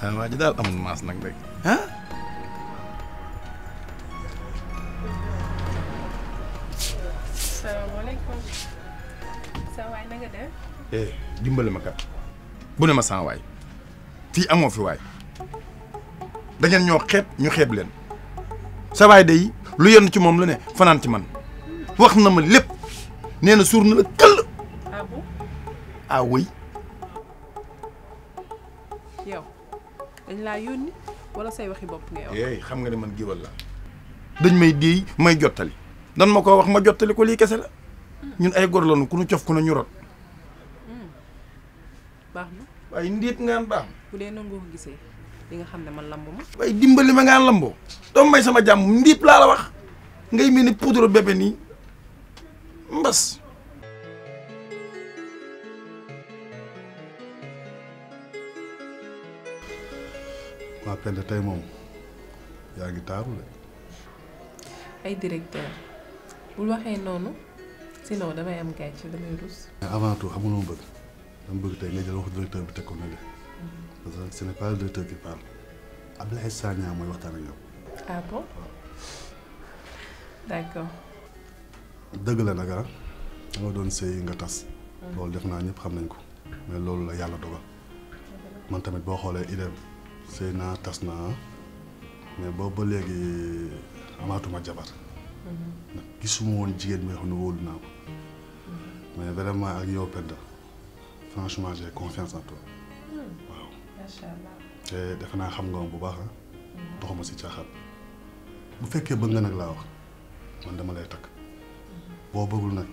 saa ji daal amul maas nag rek ah. Eh, dimbali ma kat bu ne ma saa waay fii amoo fi waay da ñoo xeeb ñu xeeb leen saa de day lu yenn ci moom lu ne fanaan ci man wax na ma lépp neena na suur na la këll. ah, ah oui. dañ laa yónni wala say waxi bopp ngay wax. yeey xam nga ne man géwal la dañ may déey may jottali dan ma wax ma jottali ko lii kese la ñun ay gor lañu ku nu cof ku ne ñu rot. Hmm. baax na waaye ndiit ngaan baax bu dee noonu nga ko gisee li nga xam ne man lamb ma. waaye dimbali ma ngaan lamboo doom may sama jàmm ndiip laa la wax ngay mel ni poudre bébé nii mbas. waa tey moom yaa ngi taaru la ay directeur bul waxee noonu sinon damay am gàcce damay rus mais avant tout xamuloo bëgg dama bëgg tey nga jël waxu directeur bi teg ko ne de parce que ce n'est pas le directeur qui parle mooy waxtaan ak yow ah dëgg la nag ah danga doon yi nga tas mm. loolu def naa ñëpp xam nañ ko mais loolu la yàlla dogal mm-hmm. man tamit boo xoolee idée sëy naa tas naa mais boobu ba léegi amaatuma jabar mm-hmm. ndax gisuma woon jigéen bi nga xam ne wóolu naa ko mm-hmm. mais vraiment ak yow Penda franchement j'ai confiance en toi mm. waaw te defe naa xam nga bu baax ah mm-hmm. doxuma si caaxaan bu fekkee bëgg nga nag laa wax man dama lay takk boo bëggul nag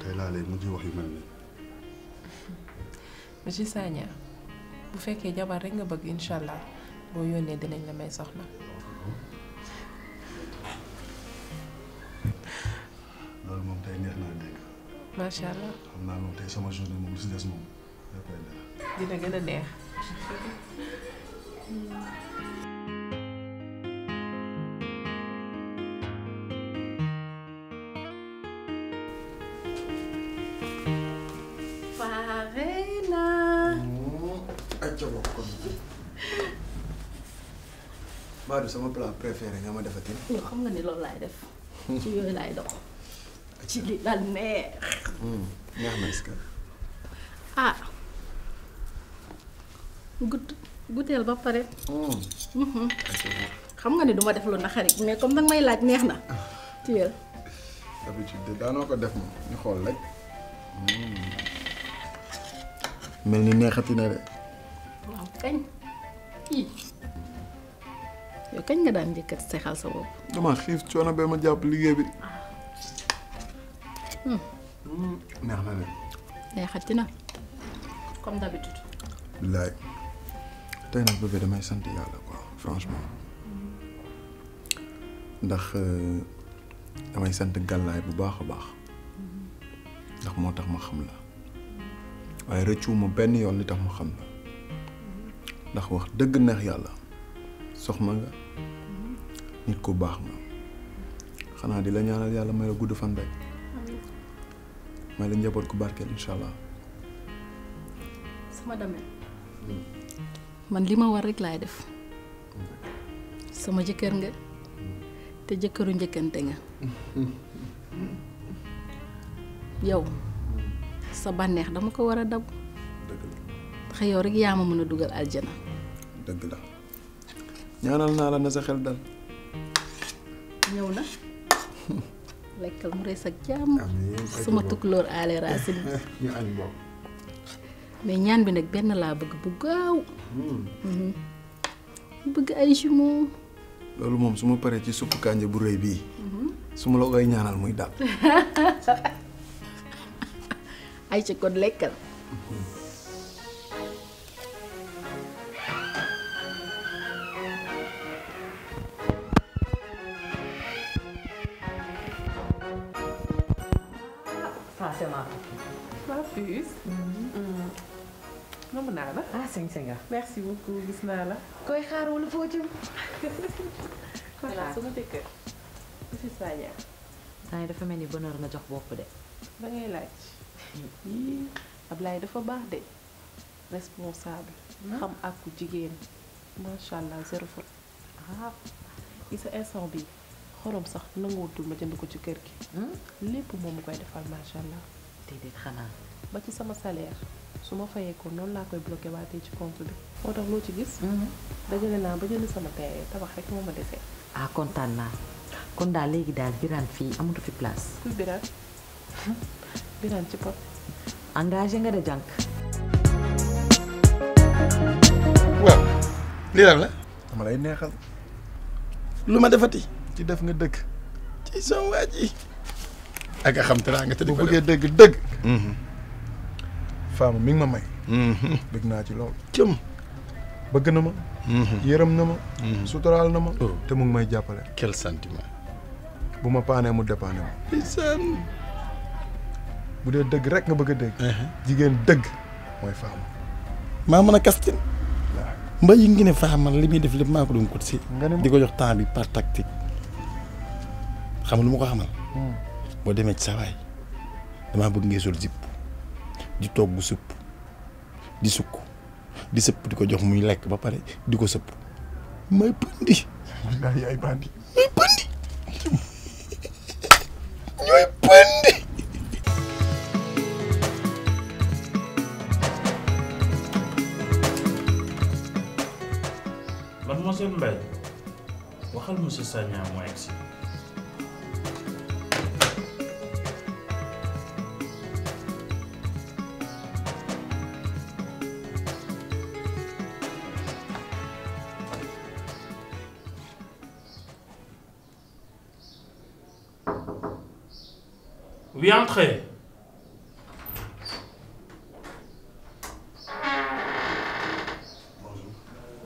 tey laa lay mujj wax yu mel nii monsieur Sagna bu fekkee jabar rek nga bëgg incha allah boo yónnee dinañ la may soxna. loolu moom tey neex naa dégg. macha allah xam naa moom tey sama journée moom dina gën a neex. ca bokk kon Madou sama plat préféré nga ma xam nga ni loolu def. Hmm. ci yooyu laay dox. ci li daal neex. Hmm. neex na est-ce que. Ah. ba pare. Hmm. Mm-hmm. xam nga ni duma def lu naxari mais comme danga may laaj neex na. tiyel. daanoo ko def moom ñu xool rek. mel ni neexati na de. kañ nga daan njëkkat seexal sa bopp. dama xiif coono ba ma jàpp liggéey bi. Ah. Hmm. Hmm. neex na de. neexati na comme d'habitude. tey nag bébé damay sant yàlla quoi franchement ndax euh, damay sant gàllaay bu baax a baax ndax moo tax ma xam la waaye rëccuwuma benn yoon li tax ma xam la. ndax wax dëgg neex yàlla soxma nga nit ku baax nga xanaa di la ñaanal yàlla may la gudd fan rek may la njaboot ku barkeel sama dame mm. man li ma war rek laay def mm. sama jëkkër nga mm. te jëkkëru njëkkante nga yow sa bànneex dama ko war dab ndax yow rek yaa ma mën a dugal aljana dëgg la ñaanal naa la na sa xel dal ñëw na lekkal mu rees ak jàmm suma tukloor aale racin ñu añ boobu mais ñaan bi nag benn laa bëgg bu gaaw hmm. mhm. bëgg ay jumeau loolu moom su ma paree ci suppu kànja bu rëy bii mhm. su la koy ñaanal muy dal ay ci kon lekkal hmm. Mhm. Ah, seu Marco. Marapus. nam naa ah sëñ merci beaucoup gis naa la. koy xaar wala bonheur jox de. da ngay Ben yii Ablaye dafa baax de. responsable. xam hm? ak jigéen. macha allah zero ah xorom sax nanguwutul ma jënd ko ci kër gi. Hmm? lépp moom mu koy defal macha allah. déedéet xanaa. ba ci sama salaire su ma fayee ko noonu laa koy bloqué waatee ci compte bi. moo tax loo ci gis. Hmm? dajale naa ba jënd sama terrain tabax rek moo ma desee. ah kontaan naa kon daal léegi daal biraan fii amatu fi place. kuy biraan hmm? biraan ci pot. engagé nga de jànk. waaw lii lan la. dama lay neexal lu ma defati. ci def nga deug ci sa waji ak a xam nga te bu deug deug hmm fam mi ngi ma may mhm. beug na ci lol cëm beug na ma yeeram mhm. na ma mhm. sutural na ma oh. te mu ngi may jappale quel sentiment buma pané mu dépanne ma isaan bu de deug rek nga beug deug dégg uh-huh. jigéen dëgg mooy femme maa mën mbay ngi ne femme limi def lepp mako dum ko ci diko di jox temps bi par tactique xamul mu ko xamal. Hmm. bo demé ci saway ya? dama bëgg ngay sol zipp di togg supp di sukk di sëpp di jox muy lek ba paré di ko may pëndi. nga ay bandi. may pëndi. ñoy pëndi. mademoiselle Mbaye waxal monsieur Sagna mo exi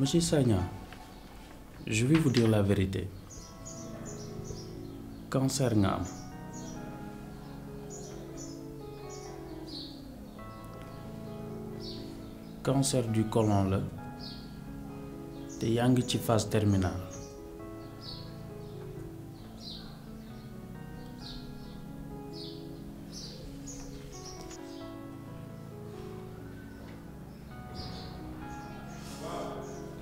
Monsieur Sanya, je vais vous dire la vérité. Cancer nga cancer du côlon le. Des yang terminale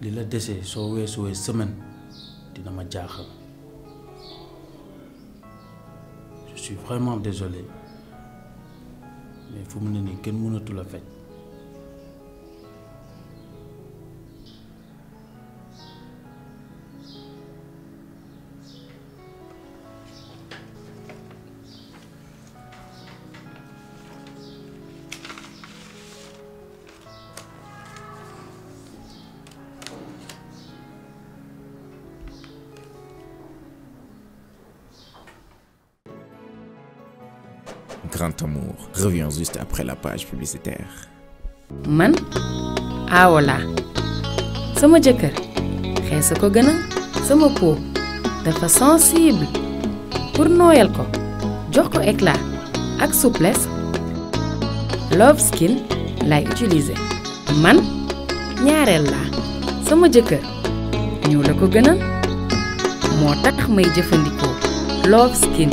li la desee soo weesuwee semaine dina ma jaaxal je suis vraiment désolé mais fu mu ne nii kenn mënatul la faj grand amour juste après la page publicitaire. man aawo laa sama jëkkër xeesa ko gën sama peau dafa sensible pour Noël ko jox ko éclat ak souplesse Love Skin lay utiliser man ñaarel la. sama jëkkër ñëw la ko gën a tax may jëfëndiko Love Skin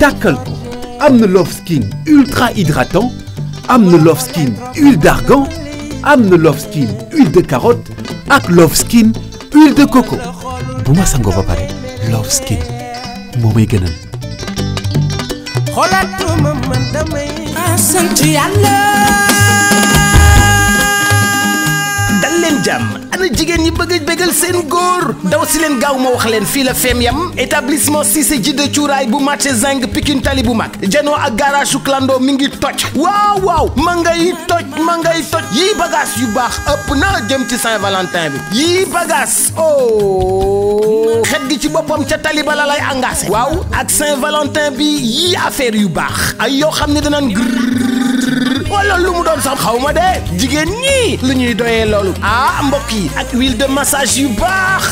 Tackle, ko Skin ultra hydratant am Skin huile d'argan am Skin huile de carotte ak Love Skin huile de coco Bouma Sango va parler. Lovskin, Love Skin ana jigéen ñi bëgg a bëggal seen góor daw si leen gaaw ma wax leen fii la feem yam établissement Cissé jidde cuuraay bu marché zinc pikin tali bu mag janoo ak garage su clando mi ngi toj waaw waaw ma ngay toj ma ngay toj yii bagaas yu baax ëpp naa jëm ci Saint-Valentin bi yii bagage oh xet gi ci boppam ca tali ba la lay engagé waaw ak Saint-Valentin bi yii affaire yu baax ay yoo xam ne danañ loolu lu mu doon sax xaw ma de jigéen ñi lu ñuy doyee loolu ah mbokk yi ak de massage yu baax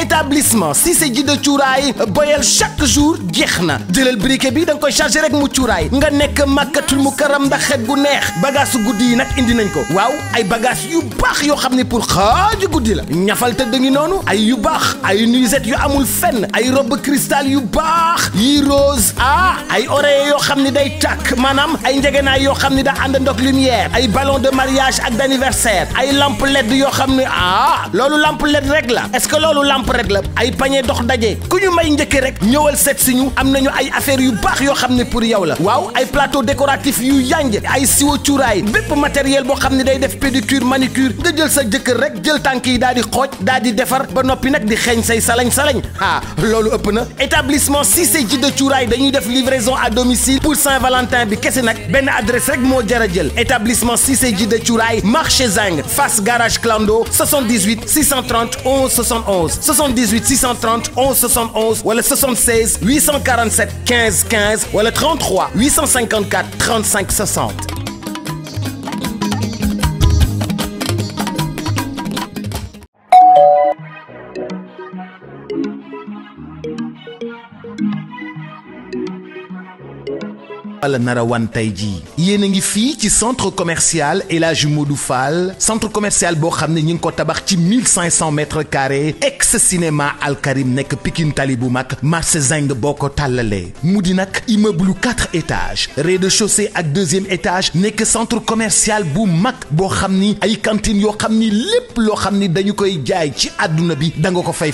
établissement c'est guide de Boyel, chaque jour na briquet bi dang koy rek mu nga nek mukaram xet gu neex bagage goudi nak indi nañ ko pour la ñafal ay yu ay nuisette yu amul robe cristal yu bax yi rose ah ay oreille day tak manam ay yo lumière ballon de mariage ak d'anniversaire ay lampe led yo ah lolou lampe led rek est-ce que rek la ay pañe dox dajé ku ñu may ñëkke rek ñëwal set siñu am nañu ay affaires yu bax yo xamné pour yow la waaw ay plateau décoratif yu yang. ay siwo cuuraay bép matériel bo xamné day def pédicure manicure nga jël sa jëkkër rek jël tanki yi daal di xooj daal di defar ba nopi nak di xéñ say salañ salañ ah lolu ëpp na établissement Cissé de Cuuraay dañuy def livraison à domicile pour Saint-Valentin bi kessé nak ben adresse rek mo jara a jël établissement Cissé Jidda Cuuraay marché Zang face garage Clando 78 630 11 71 78 630 11 71 le 76 847 15 15 le 33 854 35 60 Narawan Taidi. tayji tey ci centre commercial et la centre commercial bo xam ñing ko tabax ci 1500 mètres carrés ex cinéma Alkarim nek pikintali Tali bu de marché talale, Moudinak ko nak immeuble quatre étages rez-de-chaussée ak deuxième étage nek centre commercial boumak mak bo xamni ni ay cantine yo xamni lepp lo xamni jaay ci bi da nga ko fay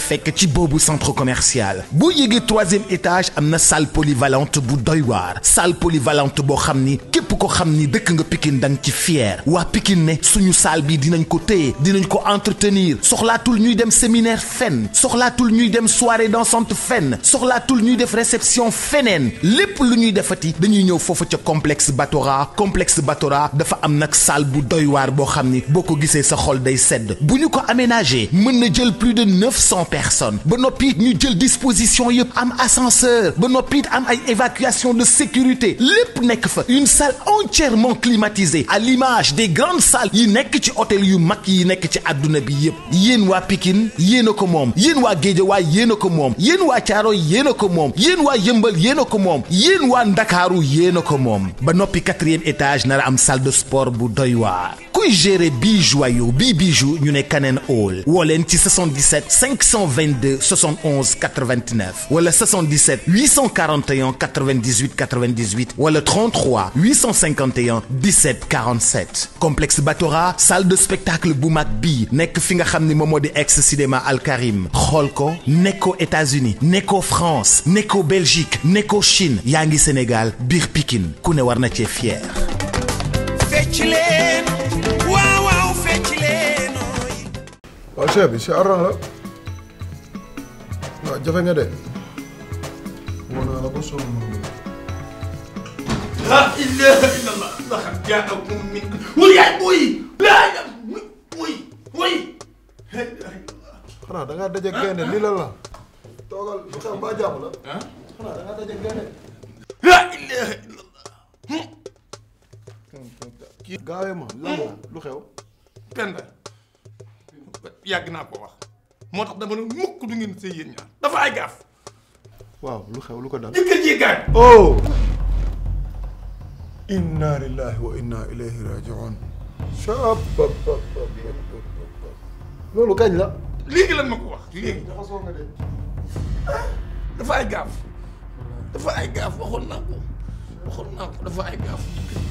centre commercial boo troisième étage amna na salle polyvalente bu doy salle poly polyvalente bo xamni ni képp ko xamni ni dëkk nga Pikine dang ci fier wa Pikine ne suñu salle bi dinañ ko téye dinañ ko entretenir soxlaatul ñuy dem séminaire fenn soxlaatul ñuy dem soirée dansante fenn soxlaatul ñuy def réception feneen lépp lu ñuy defati dañuy ñëw foofu ca complexe Batora complexe Batora dafa am nag salle bu doy waar boo xam ni boo ko gisee sa xol day sedd bu ñu ko aménagé mën na jël plus de 900 personnes ba noppi ñu jël disposition yëpp am ascenseur ba noppi am ay évacuation de sécurité une salle entièrement climatisée à l'image des grandes salles y nekk ci hôtel yu mak yi nek ci aduna bi yépp yeen wa Pikine yéen a ko moom yéen waa Géejawaay yéen a ko moom yéen waa Caaroy a ko moom yéen waa Yëmbal yéen ko moom yéen ko ba 4 quatrième étage nara am salle de sport bu doy waar kuy gérer bii joyau bijou ñu ne Kanen Hall wolen ci 77 522 71 89 wala 77 841 98 98 le 33 851 1747. complexe Batora salle de spectacle Boumakbi, nek bii fi ex cinéma Al Karim. Rolko, Neko États-Unis Neko France Neko Belgique Neko Chine Yangi Sénégal Bir Pikin, Koune ne fier. chef La ilaha illallah. Ndax jaakum min. Wul yaay boy. La ilaha bui, bui, Xanaa da nga dajé gënë li la la. lu xam ba jamm la. La ilaha illallah. Hmm? ma lu xew? Kan, Penda. Yag na ko wax. Motax dama ne mukk du ngeen sey yeen ñaar. Dafa ay Waaw lu xew lu ko dal. Jëkkër ji gaay. Oh. إنا لله وإنا إليه راجعون شاب باب باب باب باب loolu kañ la. léegi lan ma ko wax léegi. dafa soog a de. dafa ay gaaf. dafa ay gaaf waxoon naa ko waxoon naa ko dafa ay gaaf.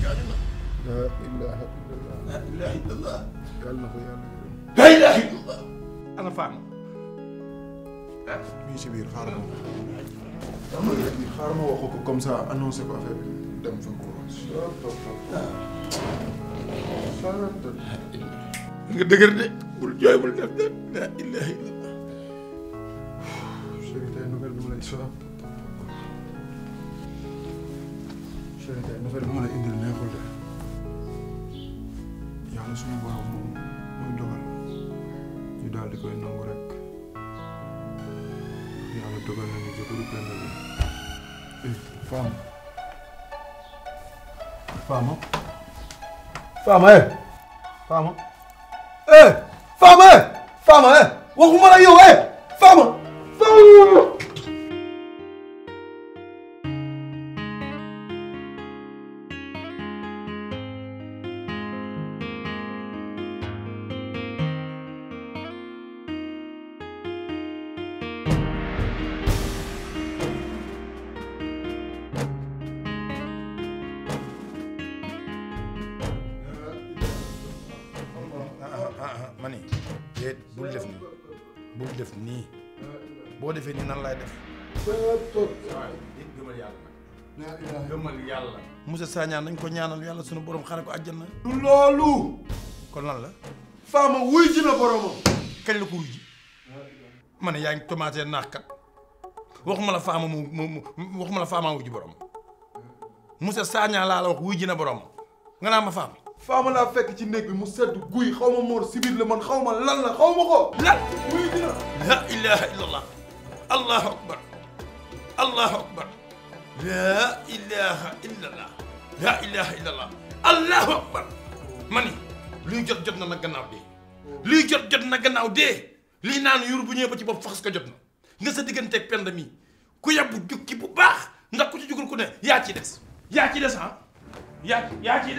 jaajëf na. laa ilaaha illallah. laa ilaaha illallah. yàlla na ko yàlla. laa ilaaha illallah. ana Fane. ah. bii si biir xaaral ma. xaaral ma wax ko comme ça annoncé ko affaire bi. جدا في الكرة قد قرد والجاي والنبدا لا اله الا الله شريت انه قلبي ولا يتفهم شريت انه قلبي ولا يقدر ياكل yàlla suñu borom moom mooy dogal ñu daal di koy nangu rek yàlla dogal na ni jëkkëru benn bi femme 阀门，阀门，阀门，哎，阀门，阀门，我回来了，有哎，阀门，中午。monsieur Sagnane nañ ko ñaanal yàlla sunu borom xare ko àjjana. du loolu. kon lan la. faama wuy ji na boromam. kañ la ko wuy ji. ma ne yaa ngi commencé naax kat waxuma la faama mu mu waxuma la faama wuy ji borom monsieur Sagnane laa la wax wuy ji na borom nga naa ma faama. faama laa fekk ci néeg bi mu sedd guy xaw ma moor sibir la man xaw ma lan la xaw ma ko. lan wuy ji na. la ilaha illallah. allahu akbar allahu akbar. la ilaha illallah. laa ilaha illallah allahu akbar ma ni luy jot jot na nag gannaaw dee luy jot jot na gannaaw dee lii naan yur bu ñëwee ba ci bopp faxas ko jot na nga sa digganteeg pend mi ku yàbbu jukki bu baax ndax ku ci jugul ku ne yaa ci des yaa ci des ah? yaa yaa ciy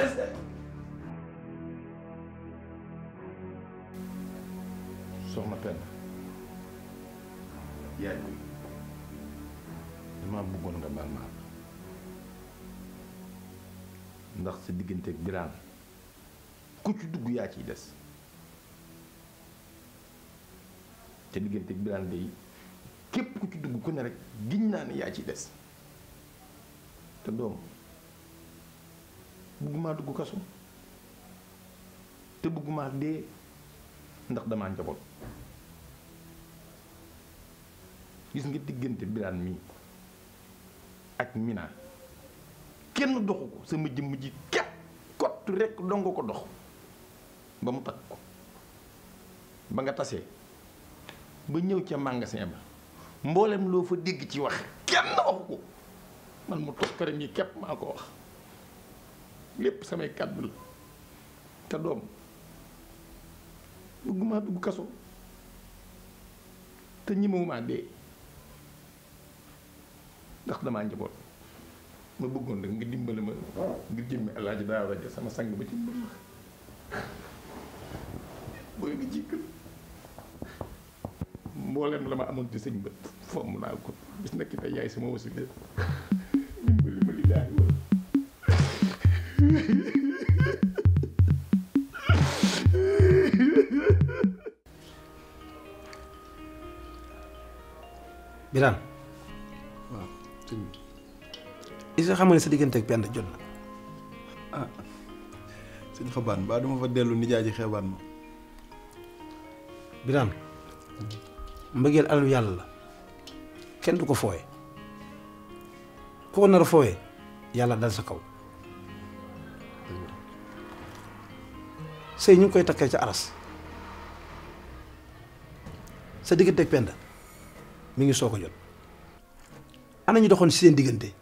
damaa bëggoon nga baal ma ndax sa diggante ak biraan ku ci dugg yaa ciy des te diggante ak biraan day képp ku ci dugg ku ne rek giñ naa ne yaa ciy des te doom bëggumaa dugg kaso te bëggumaa dee ndax damaa njaboot gis nga diggante biraan mi ak minaa kenn doxu ko sama jëm ji kat kott rek dong ko dox ba mu tak ko ba nga tassé ba ñew ci magasin ba mboolem lo fa dégg ci wax kenn waxu ko man mu tok kër yi kep mako wax lépp samay kàddu la te doom bëgguma dugg te ñemewuma dé ndax dama njaboot ma bëggoon nag nga dimbali ma ngir jëmmi alaaji daa rajo sama sang ba ci ma booy nga jikk mbooleem la ma amoon ci sëñ bët fomm naa ko bis nekk tey yaay sama ma li daay wër Birame is nga xamal ne sa diggante ak pend jot na. ah suñu xabaan ba duma fa dellu nijaay ji xeebaan ma. Birame mbëggeel alalu yàlla la kenn du ko fooye ku ko nar a fooye yàlla dal sa kaw. sëy ñu ngi koy takkee ca aras sa diggante ak pend mi ngi soo ko jot. ana ñu doxoon ci seen diggante.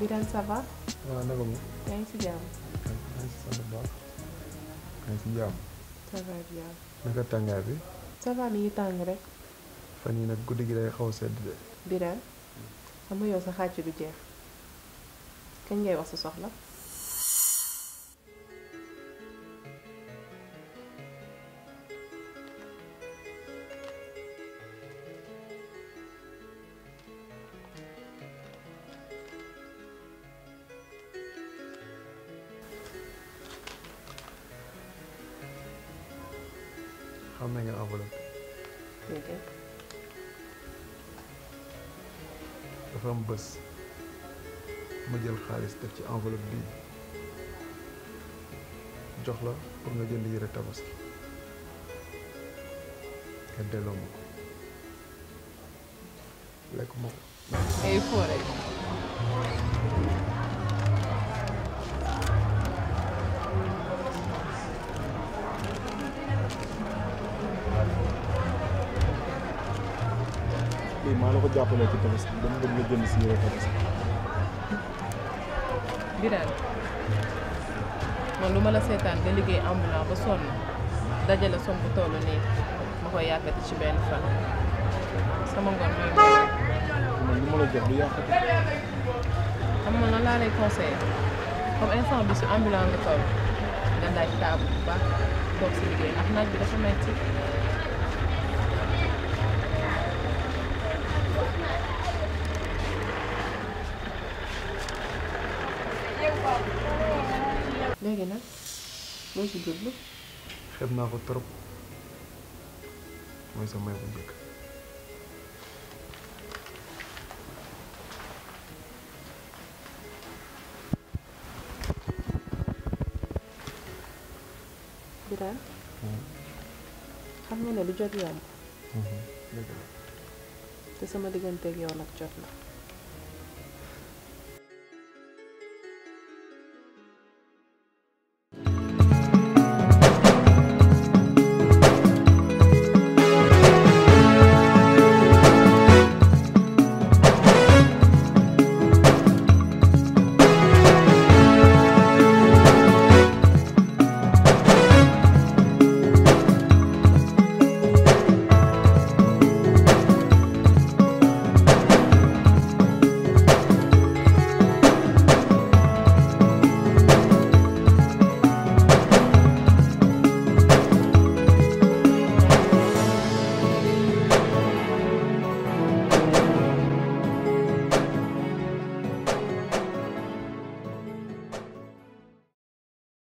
Birane ça va. waaw ah, moom. yaa ngi si jàmm. yaa ngi si sant baax. yaa ngi si jàmm. ça va bien. tàngaay bi. ça va mi tàng rek. fan yii nag guddi gi day xaw a sedd de. Birane xam yow sa xàcc du jeex kañ ngay wax sa soxla. bés ma jël xaalis def ci enveloppe bii jox la pour nga jënd yëre tabaski nga delloo ma ko lekk ma ko. ay fo rek. maa la ko jàppale ci tefes bi dama bëgg nga jënd si yére tefes bi. Birane man lu la seetaan nga liggéey ambulant ba sonn dajale som bu toll nii ma koy yàkkati ci benn fan sama ngoon mooy man la jox du yàkkati. xam nga lan laa lay conseiller comme instant bi si ambulant nga toll nga daaj taabu bu baax toog si liggéey ndax naaj bi dafa metti léegi nag loo si jublu. xeeb naa ko trop mooy sa bu njëkk. Birane. Hmm. xam nga ne lu jot yomb. Hmm, hmm. te sama digganteeg yow nag jot na.